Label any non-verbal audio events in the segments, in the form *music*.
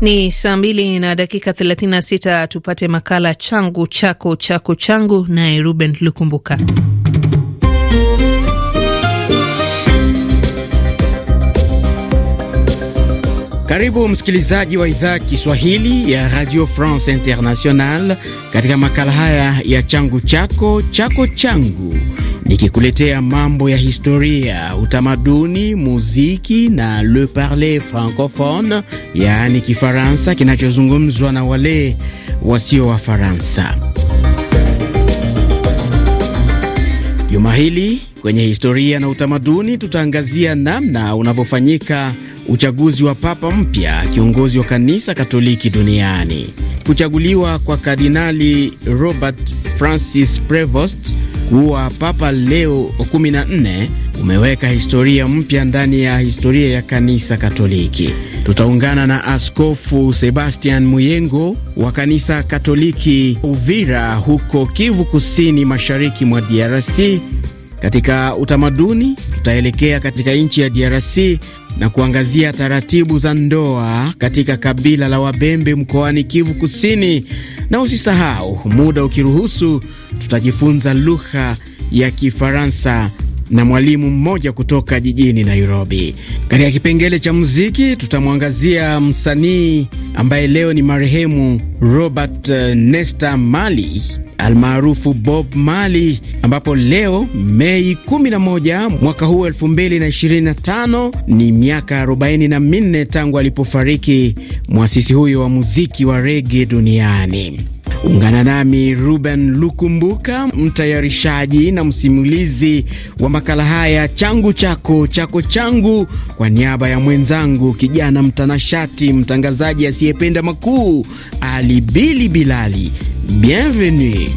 Ni saa mbili na dakika 36. Tupate makala changu chako chako changu, naye Ruben Lukumbuka. Karibu msikilizaji wa idhaa Kiswahili ya Radio France International katika makala haya ya changu chako chako changu nikikuletea mambo ya historia, utamaduni, muziki na le parler francophone, yaani Kifaransa kinachozungumzwa na wale wasio wa Faransa. Juma hili kwenye historia na utamaduni tutaangazia namna unavyofanyika uchaguzi wa papa mpya, kiongozi wa kanisa Katoliki duniani. Kuchaguliwa kwa Kardinali Robert Francis Prevost wa Papa Leo 14 umeweka historia mpya ndani ya historia ya kanisa Katoliki. Tutaungana na Askofu Sebastian Muyengo wa kanisa Katoliki Uvira huko Kivu Kusini, mashariki mwa DRC katika utamaduni, tutaelekea katika nchi ya DRC na kuangazia taratibu za ndoa katika kabila la Wabembe mkoani Kivu Kusini, na usisahau, muda ukiruhusu, tutajifunza lugha ya Kifaransa na mwalimu mmoja kutoka jijini Nairobi. Katika kipengele cha muziki tutamwangazia msanii ambaye leo ni marehemu Robert eh, Nesta mali almaarufu Bob mali ambapo leo Mei 11 mwaka huu 2025 ni miaka 44 tangu alipofariki mwasisi huyo wa muziki wa rege duniani. Ungana nami Ruben Lukumbuka, mtayarishaji na msimulizi wa makala haya changu chako chako changu, kwa niaba ya mwenzangu kijana mtanashati, mtangazaji asiyependa makuu, Ali Bili Bilali. Bienvenue.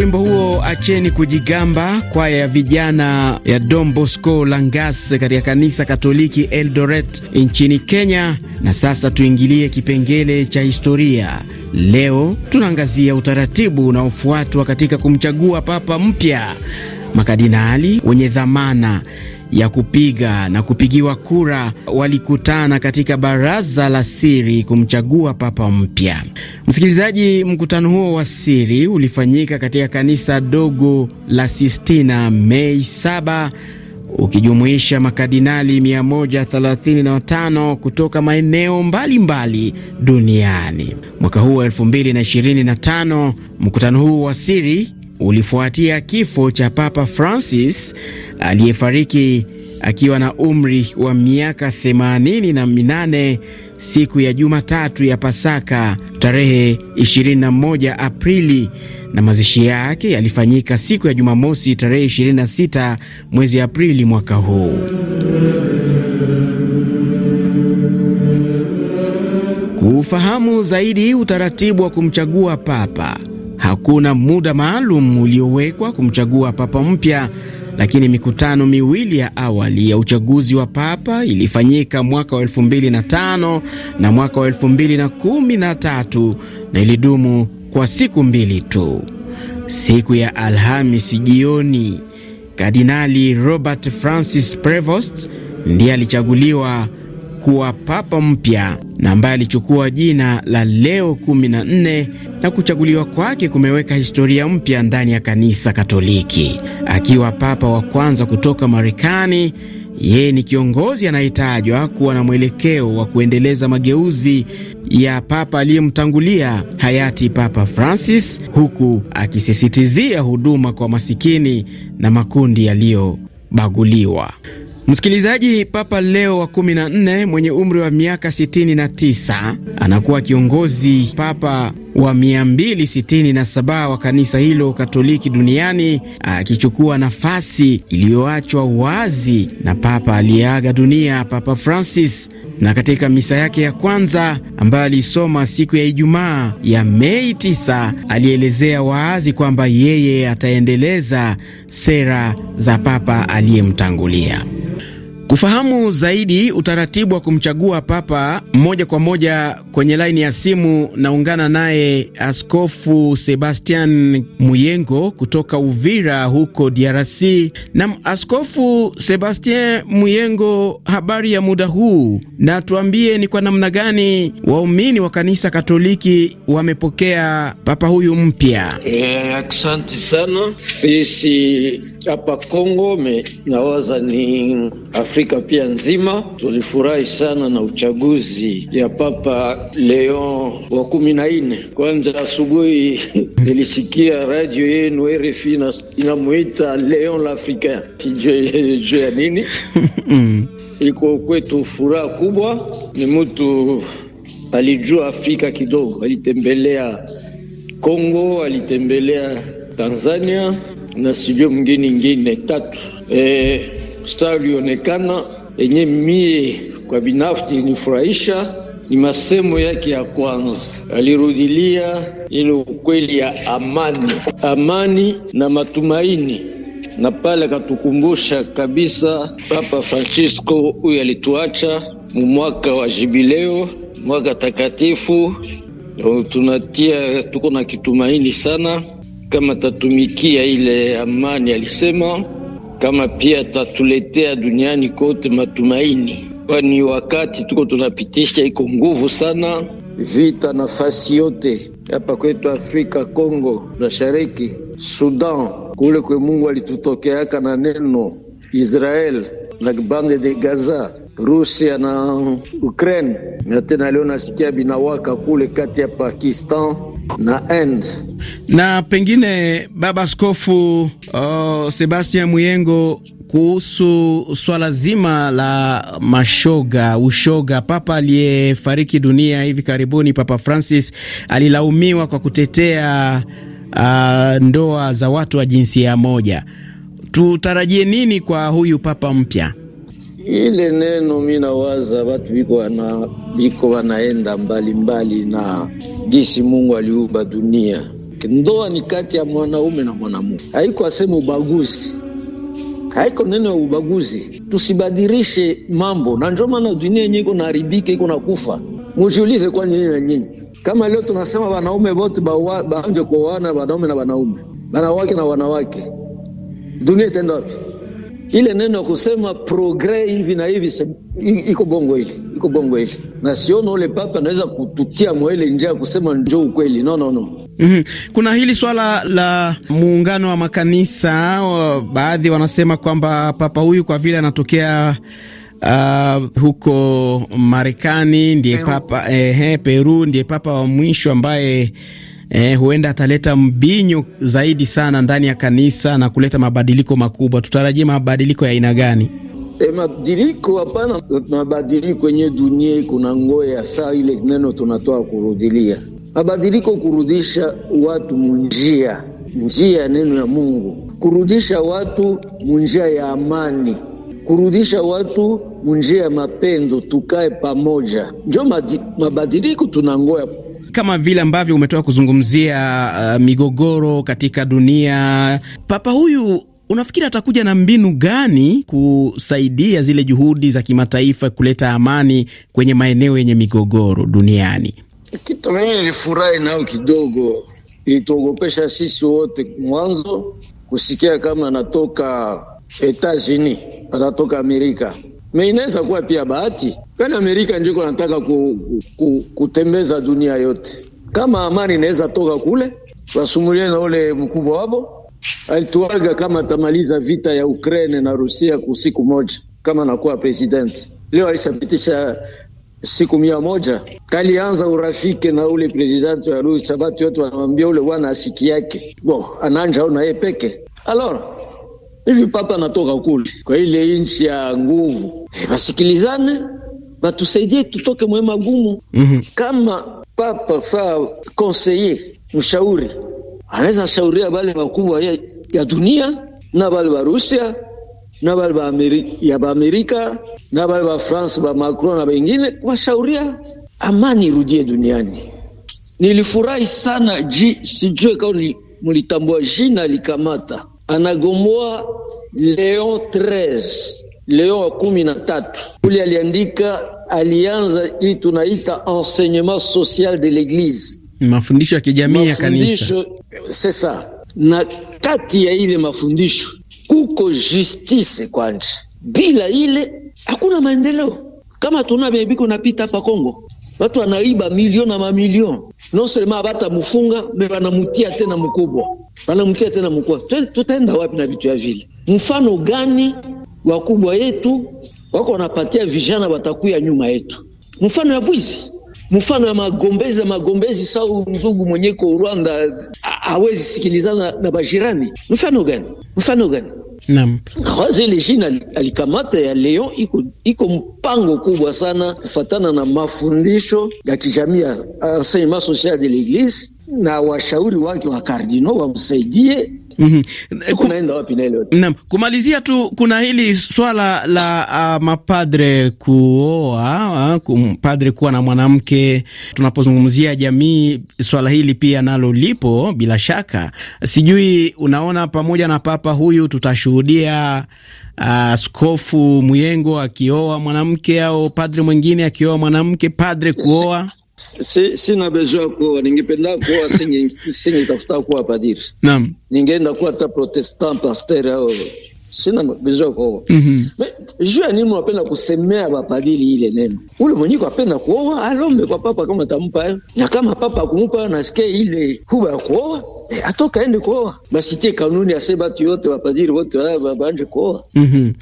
wimbo huo acheni kujigamba, kwaya ya vijana ya Don Bosco Langas katika kanisa Katoliki Eldoret nchini Kenya. Na sasa tuingilie kipengele cha historia. Leo tunaangazia utaratibu unaofuatwa katika kumchagua papa mpya, makadinali wenye dhamana ya kupiga na kupigiwa kura walikutana katika baraza la siri kumchagua papa mpya. Msikilizaji, mkutano huo wa siri ulifanyika katika kanisa dogo la Sistina Mei 7 ukijumuisha makardinali 135 kutoka maeneo mbalimbali duniani. Mwaka huu wa 2025 mkutano huu wa siri ulifuatia kifo cha Papa Francis aliyefariki akiwa na umri wa miaka 88 na siku ya Jumatatu ya Pasaka tarehe 21 Aprili, na mazishi yake yalifanyika siku ya Jumamosi tarehe 26 mwezi Aprili mwaka huu. Kufahamu zaidi utaratibu wa kumchagua papa Hakuna muda maalum uliowekwa kumchagua papa mpya, lakini mikutano miwili ya awali ya uchaguzi wa papa ilifanyika mwaka wa 2005 na mwaka wa 2013 na ilidumu kwa siku mbili tu. Siku ya Alhamisi jioni, Kardinali Robert Francis Prevost ndiye alichaguliwa kuwa papa mpya na ambaye alichukua jina la Leo 14 na kuchaguliwa kwake kumeweka historia mpya ndani ya kanisa Katoliki. Akiwa papa wa kwanza kutoka Marekani, yeye ni kiongozi anayetajwa kuwa na mwelekeo wa kuendeleza mageuzi ya papa aliyemtangulia hayati Papa Francis, huku akisisitizia huduma kwa masikini na makundi yaliyobaguliwa. Msikilizaji, Papa Leo wa 14 mwenye umri wa miaka 69 anakuwa kiongozi papa wa 267 wa kanisa hilo Katoliki duniani akichukua nafasi iliyoachwa wazi na papa aliyeaga dunia, Papa Francis. Na katika misa yake ya kwanza ambayo aliisoma siku ya Ijumaa ya Mei 9 alielezea wazi kwamba yeye ataendeleza sera za papa aliyemtangulia. Kufahamu zaidi utaratibu wa kumchagua papa moja kwa moja, kwenye laini ya simu naungana naye Askofu Sebastian Muyengo kutoka Uvira huko DRC. Nam, Askofu Sebastian Muyengo, habari ya muda huu, na tuambie ni kwa namna gani waumini wa kanisa Katoliki wamepokea papa huyu mpya? Eh, asante sana sisi hapa Kongo me nawaza ni Afrika pia nzima. Tulifurahi sana na uchaguzi ya Papa Leon wa kumi na nne. Kwanza asubuhi *laughs* nilisikia radio yenu RFI inamwita Leon l'Africain, *laughs* juu ya nini *laughs* iko kwetu furaha kubwa. Ni mtu alijua Afrika kidogo, alitembelea Kongo, alitembelea Tanzania na sijue mwingine ingine tatu. E, staa ulionekana yenye mie kwa binafsi nifurahisha ni masemo yake ya kwanza, alirudilia ile ukweli ya amani, amani na matumaini na pale akatukumbusha kabisa Papa Francisco huyu alituacha mu mwaka wa jubileo, mwaka takatifu. Tunatia tuko na kitumaini sana kama tatumikia ile amani, alisema kama pia tatuletea duniani kote matumaini, kwani wakati tuko tunapitisha iko nguvu sana, vita nafasi yote hapa kwetu Afrika, Kongo mashariki, Sudan kule kwe Mungu alitutokeaka na neno Israel na bande de Gaza, Rusia na Ukraine, na tena leo nasikia binawaka kule kati ya Pakistan na end. Na pengine Baba Askofu oh, Sebastian Muyengo, kuhusu swala zima la mashoga ushoga, papa aliyefariki dunia hivi karibuni, Papa Francis alilaumiwa kwa kutetea uh, ndoa za watu wa jinsia moja. Tutarajie nini kwa huyu papa mpya? ile neno mi nawaza batu biko wana, biko wanaenda mbalimbali na gisi Mungu aliumba dunia. Ndoa ni kati ya mwanaume na mwanamke, haiko aseme ubaguzi, haiko neno ya ubaguzi. Tusibadirishe mambo, na ndio maana dunia yenyewe iko naharibika, iko nakufa. Mujiulize kwa nini na nyinyi, kama leo tunasema wanaume wote baanje kuoana, wanaume na wanaume, wanawake na wanawake, dunia itaenda wapi? ile neno ya kusema progre hivi na hivi iko bongo hili iko bongo hili, na siona ule papa anaweza kutukia mwaile njia ya kusema njo ukweli. No, no, no. Mm -hmm. Kuna hili swala la muungano wa makanisa, baadhi wanasema kwamba papa huyu kwa vile anatokea Uh, huko Marekani ndiye Peru. Papa eh, Peru ndiye papa wa mwisho ambaye eh, huenda ataleta mbinyo zaidi sana ndani ya kanisa na kuleta mabadiliko makubwa. Tutarajie mabadiliko ya aina gani? E, mabadiliko hapana, mabadiliko yenye dunia iko na ngoya saa ile neno tunatoa kurudilia mabadiliko, kurudisha watu munjia njia ya neno ya Mungu, kurudisha watu munjia ya amani, kurudisha watu munjia ya mapendo, tukae pamoja, njo mabadiliko tunangoya kama vile ambavyo umetoka kuzungumzia uh, migogoro katika dunia. Papa huyu unafikiri atakuja na mbinu gani kusaidia zile juhudi za kimataifa kuleta amani kwenye maeneo yenye migogoro duniani? Kitu mimi nilifurahi nao kidogo, ilituogopesha sisi wote mwanzo kusikia kama anatoka Etats-Unis, atatoka Amerika Me inaweza kuwa pia bahati, kani Amerika ndio iko nataka ku, ku, ku, kutembeza dunia yote. Kama amani inaweza toka kule, wasumulie na ule mkubwa wabo alituaga kama atamaliza vita ya Ukraine na Rusia ku siku moja, kama anakuwa president. Leo alishapitisha siku mia moja. Kalianza urafiki na ule president wa Rusia, batu yote wanamwambia ule bwana asiki yake bo ananja au naye peke alora hivi papa anatoka kule kwa ile nchi ya nguvu Eh basikilizane, batusaidie tutoke mwe magumu. mm -hmm. Kama papa saa konseye mshauri anaweza shauria bale bakubwa ya, ya dunia na bale ba Rusia na bale ba Amerika, ya ba Amerika na bale ba France ba Macron na bengine kuwashauria amani irudie duniani. Nilifurahi sana ji sijue kama mlitambua jina likamata anagomoa Leon 13 Leo wa kumi na tatu kule aliandika, alianza hii tunaita enseignement social de l'eglise, mafundisho ya kijamii ya kanisa. Sasa na kati ya ile mafundisho kuko justice kwanja, bila ile hakuna maendeleo. Kama tuna bebiko napita hapa Kongo, watu wanaiba milioni na mamilioni, non seulement abata mufunga me banamutia tena mkubwa, banamutia tena mkubwa. Tutaenda wapi na vitu ya vile? Mfano gani wakubwa yetu wako wanapatia vijana watakuya nyuma yetu, mfano ya bwizi, mfano ya magombezi ya magombezi. Sau ndugu mwenye ko Rwanda hawezi sikilizana na bajirani, mfano gani? Mfano gani? Naam, Rwazilijini alikamata ya Leon iko, iko mpango kubwa sana kufatana na mafundisho ya kijamii ya enseignement social de l'eglise, na washauri wake wa kardino wamsaidie Mm -hmm. Kunaenda wapi na ile? Naam, kumalizia tu kuna hili swala la uh, mapadre kuoa, uh, ah, kumpadre kuwa na mwanamke. Tunapozungumzia jamii, swala hili pia nalo lipo bila shaka. Sijui unaona, pamoja na papa huyu tutashuhudia ah, askofu uh, Muyengo akioa mwanamke au padre mwingine akioa mwanamke, padre kuoa Si, sina besoin kuoa ningependa kuwa singitafuta kuwa padiri. Naam, ningeenda kuwa ta protestant pasteur au sina besoin kuoa. mm -hmm. Juu ya nini wapenda kusemea bapadili ile neno? Ule mwenyiko apenda kuoa alombe kwa papa kama tampa, na kama papa akumupa nasikia ile huba ya kuoa e, eh, atoka ende kuoa, basitie kanuni ase batu yote wapadiri wote wabanje kuoa. mm -hmm.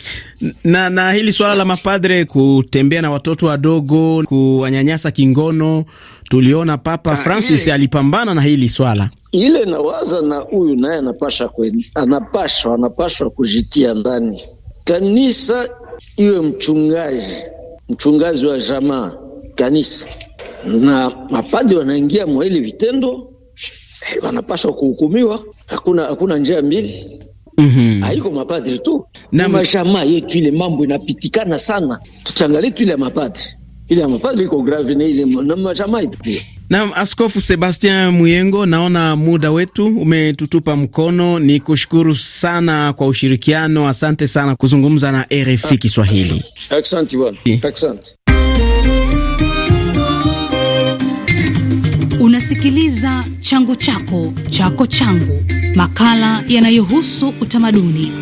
Na, na hili swala la mapadre kutembea na watoto wadogo kuwanyanyasa kingono, tuliona Papa ah, Francis eh. alipambana na hili swala ile nawaza na huyu naye anapasha anapashwa anapashwa kujitia ndani kanisa, iwe mchungaji mchungaji wa jamaa kanisa, na mapadri wanaingia mwa ile vitendo Eh, wanapaswa kuhukumiwa. Hakuna hakuna njia mbili. Mm -hmm. Haiko mapadri tu na mashama yetu, ile mambo inapitikana sana. Tuchangalie tu ile ya mapadri, ile ya mapadri iko grave na ile na mashama yetu pia. Na Askofu Sebastian Muyengo, naona muda wetu umetutupa mkono. Ni kushukuru sana kwa ushirikiano, asante sana kuzungumza na RFI Kiswahili. Asante bwana, asante. Unasikiliza changu chako chako changu, makala yanayohusu utamaduni.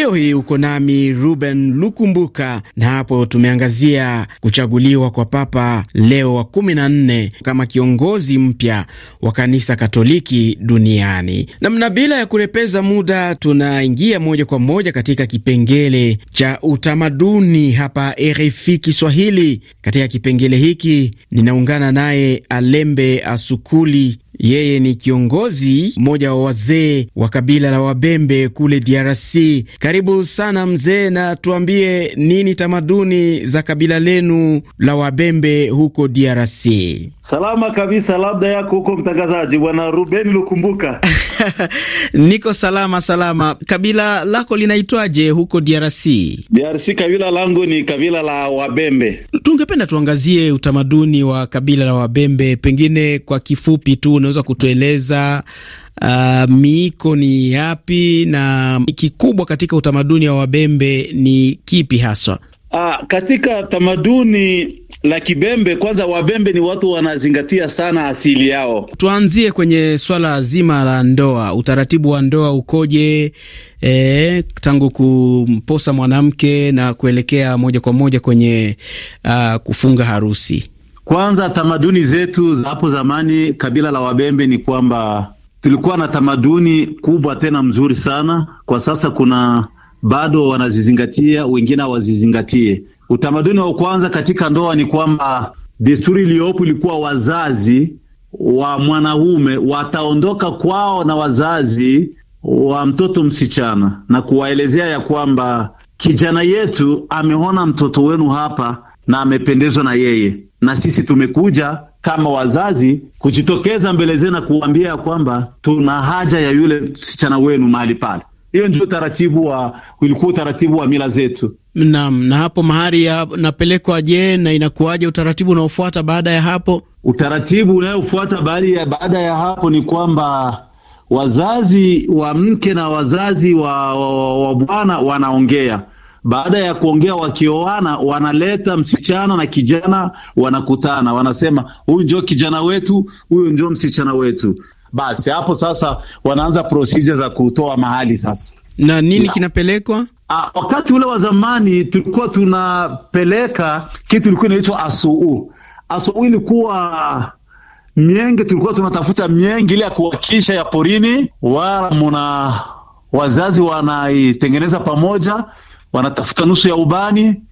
Leo hii uko nami Ruben Lukumbuka, na hapo tumeangazia kuchaguliwa kwa Papa Leo wa kumi na nne kama kiongozi mpya wa kanisa Katoliki duniani. Namna bila ya kurepeza muda, tunaingia moja kwa moja katika kipengele cha utamaduni hapa RFI Kiswahili. Katika kipengele hiki ninaungana naye Alembe Asukuli yeye ni kiongozi mmoja wa wazee wa kabila la Wabembe kule DRC. Karibu sana mzee, na tuambie nini tamaduni za kabila lenu la Wabembe huko DRC? Salama kabisa, labda yako huko mtangazaji, bwana Ruben Lukumbuka. *laughs* Niko salama salama. Kabila lako linaitwaje huko DRC? DRC kabila langu ni kabila la Wabembe. Tungependa tuangazie utamaduni wa kabila la Wabembe, pengine kwa kifupi tu unaweza kutueleza uh, miiko ni yapi na kikubwa katika utamaduni wa Wabembe ni kipi haswa? Ah, katika tamaduni la Kibembe, kwanza Wabembe ni watu wanazingatia sana asili yao. Tuanzie kwenye swala zima la ndoa, utaratibu wa ndoa ukoje? E, tangu kumposa mwanamke na kuelekea moja kwa moja kwenye uh, kufunga harusi. Kwanza, tamaduni zetu za hapo zamani, kabila la Wabembe, ni kwamba tulikuwa na tamaduni kubwa tena mzuri sana. Kwa sasa kuna bado wanazizingatia, wengine hawazizingatie. Utamaduni wa kwanza katika ndoa ni kwamba desturi iliyopo ilikuwa wazazi wa mwanaume wataondoka kwao na wazazi wa mtoto msichana na kuwaelezea ya kwamba kijana yetu ameona mtoto wenu hapa na amependezwa na yeye na sisi tumekuja kama wazazi kujitokeza mbele zenu na kuambia kwamba tuna haja ya yule msichana wenu mahali pale. Hiyo ndio utaratibu wa ulikuwa utaratibu wa mila zetu. Naam. Na hapo mahali napelekwa, je, na inakuwaje utaratibu unaofuata baada ya hapo? Utaratibu unayofuata baada ya hapo ni kwamba wazazi wa mke na wazazi wa, wa, wa bwana wanaongea baada ya kuongea wakioana, wanaleta msichana na kijana, wanakutana, wanasema huyu njo kijana wetu, huyu njo msichana wetu. Basi hapo sasa wanaanza procedure za kutoa mahali sasa. Na nini na kinapelekwa? Ah, wakati ule wa zamani tulikuwa tunapeleka kitu ilikuwa inaitwa asuu. Asuu ilikuwa mienge, tulikuwa tunatafuta mienge ile ya kuwakisha ya porini, wala muna wazazi wanaitengeneza pamoja wanatafuta nusu ya ubani,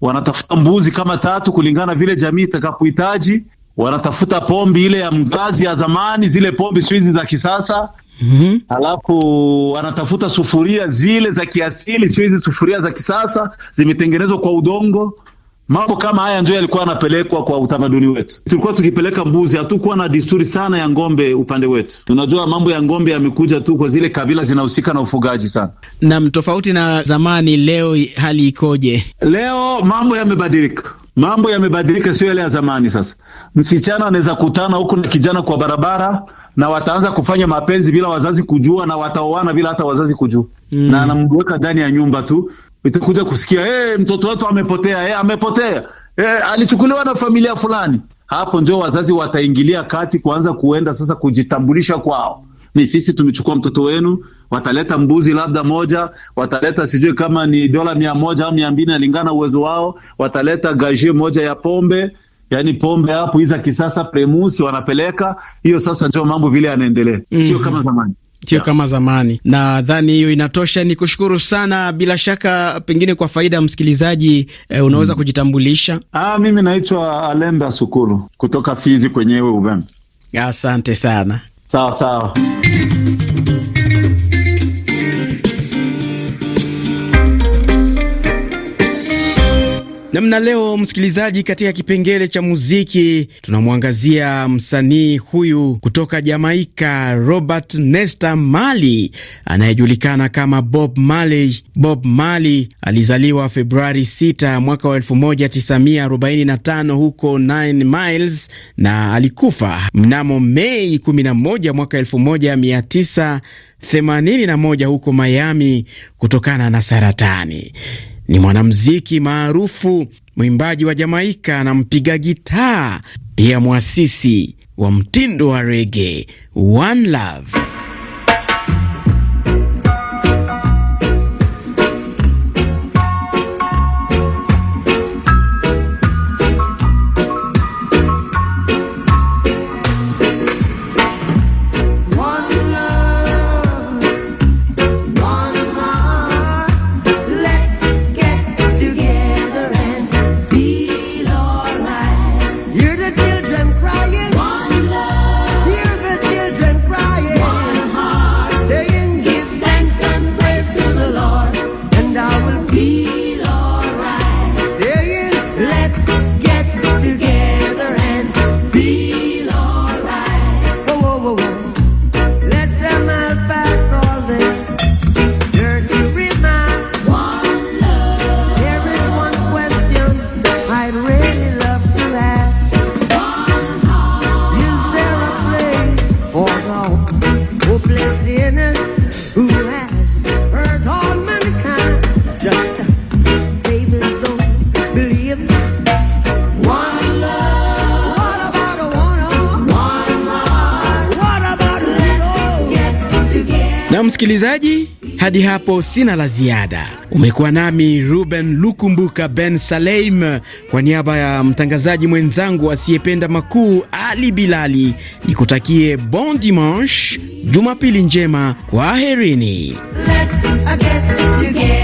wanatafuta mbuzi kama tatu kulingana vile jamii itakapohitaji, wanatafuta pombi ile ya mgazi ya zamani, zile pombi swizi za kisasa mm -hmm. Alafu wanatafuta sufuria zile za kiasili, sio hizi sufuria za kisasa zimetengenezwa kwa udongo Mambo kama haya ndio yalikuwa yanapelekwa kwa utamaduni wetu. Tulikuwa tukipeleka mbuzi, hatukuwa na desturi sana ya ng'ombe upande wetu. Unajua, mambo ya ng'ombe yamekuja tu kwa zile kabila zinahusika na ufugaji sana. Nam, tofauti na zamani, leo hali ikoje? Leo mambo yamebadilika, mambo yamebadilika, sio yale ya zamani. Sasa msichana anaweza kutana huku na kijana kwa barabara na wataanza kufanya mapenzi bila wazazi kujua, na wataoana bila hata wazazi kujua mm. na anamweka ndani ya nyumba tu, utakuja kusikia hey, eh, mtoto wetu amepotea, hey, eh, amepotea hey, eh, alichukuliwa na familia fulani. Hapo ndio wazazi wataingilia kati, kuanza kuenda sasa kujitambulisha kwao ni sisi tumechukua mtoto wenu. Wataleta mbuzi labda moja, wataleta sijui kama ni dola mia moja au mia mbili nalingana uwezo wao. Wataleta gaje moja ya pombe, yani pombe hapo hizi za kisasa, Premusi wanapeleka hiyo. Sasa ndio mambo vile yanaendelea, sio mm -hmm. kama zamani sio yeah, kama zamani. Nadhani hiyo inatosha. Ni kushukuru sana, bila shaka pengine kwa faida ya msikilizaji eh, unaweza mm, kujitambulisha. Ah, mimi naitwa alenda Sukuru kutoka Fizi kwenyewe Ubembe. Asante sana. Sawa sawa. Namna leo, msikilizaji, katika kipengele cha muziki tunamwangazia msanii huyu kutoka Jamaika, Robert Nesta mali anayejulikana kama Bob Marley. Bob Marley alizaliwa Februari 6 mwaka wa 1945 huko Nine Miles na alikufa mnamo Mei 11 mwaka 1981 huko Miami kutokana na saratani ni mwanamuziki maarufu, mwimbaji wa Jamaika na mpiga gitaa, pia mwasisi wa mtindo wa rege One Love. msikilizaji, hadi hapo sina la ziada. Umekuwa nami Ruben Lukumbuka Ben Saleim, kwa niaba ya mtangazaji mwenzangu asiyependa makuu Ali Bilali, nikutakie bon dimanche, jumapili njema, kwaherini. Let's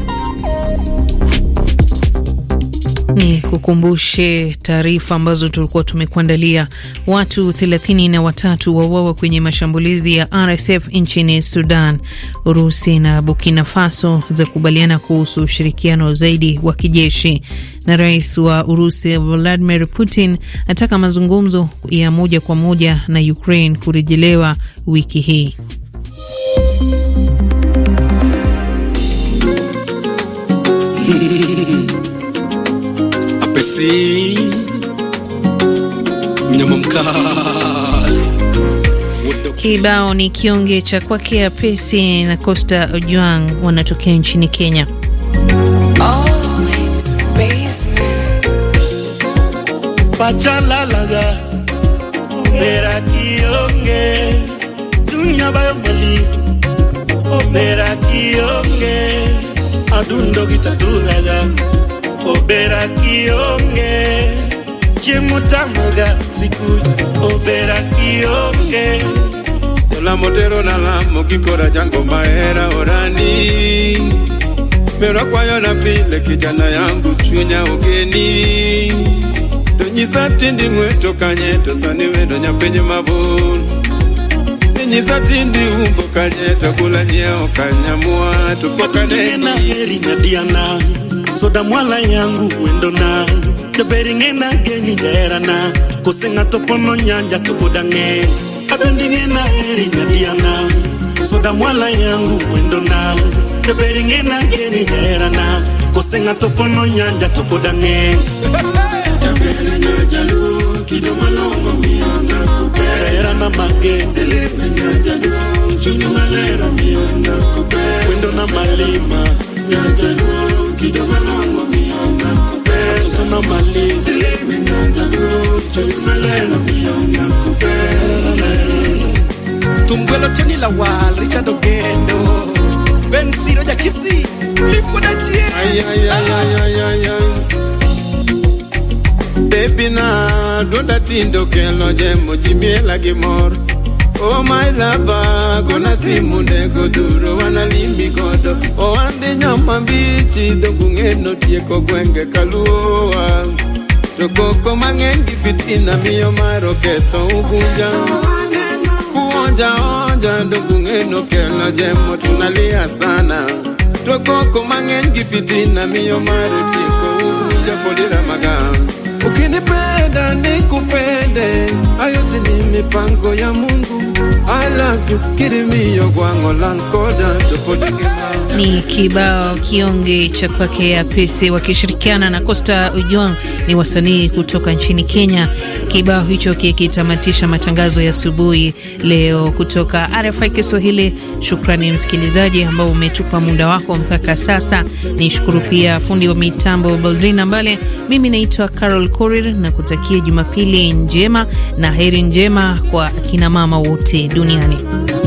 Ni kukumbushe taarifa ambazo tulikuwa tumekuandalia. Watu thelathini na watatu wauawa kwenye mashambulizi ya RSF nchini Sudan. Urusi na Burkina Faso za kubaliana kuhusu ushirikiano zaidi wa kijeshi, na rais wa Urusi Vladimir Putin ataka mazungumzo ya moja kwa moja na Ukraine kurejelewa wiki hii. mbuzi, mnyama mkali. Kibao ni kionge cha kwake Pesi na Costa ojuang wanatokea nchini Kenya. pachalalaga kionge dunya kionge adundo obera kionge chiemutamoga sikuyo obera kionge olamotero nalamo gikora jango mahera orani merokwayona pile kijana yangu chunya ogeni to nyisa tindi ng'weto kanye to sani wendo nyapiny mabul ninyisa tindi umbo kanye to kulanyieo kanyamwa tupokanena yeri nyadiana soda mwala yangu wendona teberiŋena geni yerana koseŋa pono nyanja tokodaŋe abendiŋena eri nyadiyana soda mwala yangu wendona teberiŋena geni yerana koseŋa pono nyanja tokodaŋe tabena nyajalu kidomalongo miana kuperana magete lemenya jalu chunyumalero miana kuper wendona la wall, Richard Ogendo. Ben Siro Jackie, live for that year. Ay, ay, ay, ay, ay, ay, ay. Baby, now, don't that thing do can lodge him like more. Oh, my love, gonna see Munde go to Rwanda Limbi God. Oh, and then I'm a bitch, don't go get no Toko komang'e gi fitina miyo maro ketho ugunja. Onja onja ndugu ngeno kela jemo tunalia sana twakoko mang'eny gi fitina miyo mari tiko ujakodira maga ukinipenda nikupende ayo ni mipango ya Mungu ni kibao kionge cha kwake pese wakishirikiana na Costa Ujong, ni wasanii kutoka nchini Kenya. Kibao hicho kikitamatisha matangazo ya asubuhi leo kutoka RFI Kiswahili. Shukrani msikilizaji ambao umetupa muda wako mpaka sasa. Nishukuru pia fundi wa mitambo Baldrina Mbale. Mimi naitwa Carol Korir na kutakia Jumapili njema na heri njema kwa akinamama wote duniani.